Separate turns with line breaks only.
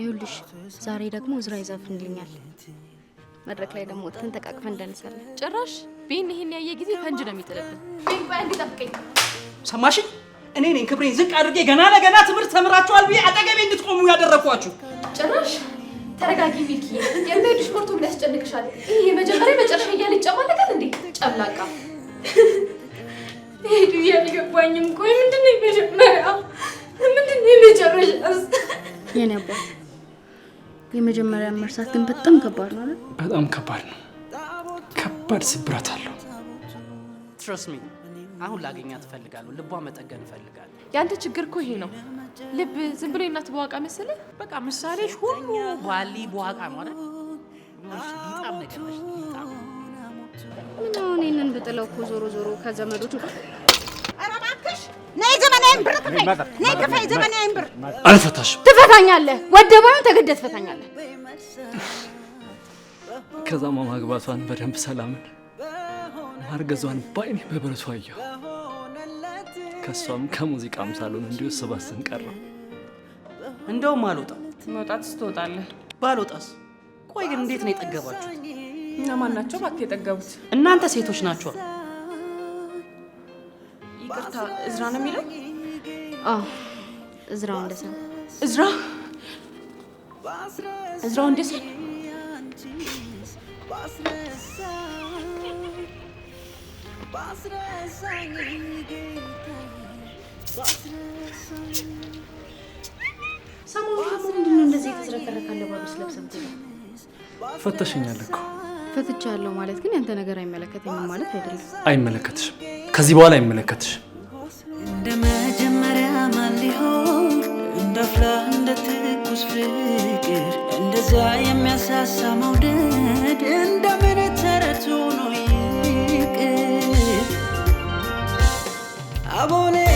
ይሁልሽ ዛሬ ደግሞ እዝራ ይዘፍንልኛል። መድረክ ላይ ደግሞ ወጥተን ተቃቅፈን እንደንሳለን።
ጭራሽ ቢን ይሄን ያየ ጊዜ ፈንጅ ነው የሚጥልብን። ቢን ቆይ እንዲጠብቀኝ
ሰማሽ? እኔ ነኝ ክብሬን ዝቅ አድርጌ ገና ለገና ትምህርት ተምራችኋል ብዬ አጠገቤ እንድትቆሙ ያደረግኳችሁ።
ጭራሽ ተረጋጊ ቪኪ፣ የሚሄድሽ ኮርቶ ምን ያስጨንቅሻል? ይህ የመጀመሪያ መጨረሻ እያለ ይጨማለቃል እንዴ? ጨምላቃ
ሄዱ ያልገባኝም። ቆይ ምንድን የመጀመሪያ ምንድን የመጨረሻ?
የኔ የነበር የመጀመሪያ መርሳት ግን በጣም ከባድ ነው።
በጣም ከባድ ነው። ከባድ ስብራት አለው።
ትረስሚ አሁን ላገኛት እፈልጋለሁ። ልቧ መጠገን እፈልጋለሁ።
የአንተ ችግር እኮ ይሄ ነው። ልብ ዝም ብሎ የእናት በዋቃ መሰለ።
በቃ ምሳሌሽ ሁሉ ባሊ በዋቃ ነው ምን
አሁን ይህንን ብጥለው እኮ ዞሮ ዞሮ ከዘመዶቹ
አልፈታሽም።
ትፈታኛለህ፣ ወደ ባይሆን ተገደህ ትፈታኛለህ።
ከዛማ ማግባቷን በደንብ ሰላምን ማርገዟን በአይኔ በብረቱ አየሁ። ከእሷም ከሙዚቃም ሳሎን እንዲሁ ስባስን ቀረ።
እንደውም አልወጣም።
መውጣት ስትወጣለህ።
ባልወጣስ? ቆይ ግን እንዴት ነው የጠገባችሁት?
እነማን ናቸው እባክህ የጠገቡት?
እናንተ ሴቶች ናቸዋል።
ይቅርታ እዝራ ነው የሚለው እዝራው እንደሰን እዝራ እዝራው እንደሰን
ፈተሽኛል እኮ
ፈትቻለሁ። ማለት ግን ያንተ ነገር አይመለከተኝም ማለት አይደለም።
አይመለከትሽም፣ ከዚህ በኋላ አይመለከትሽም። ሊሆንክ እንደ አፍላ እንደ ትኩስ ፍቅር እንደዛ የሚያሳሳ መውደድ እንደምን ተረት ሆኖ ይቅር አቦሌ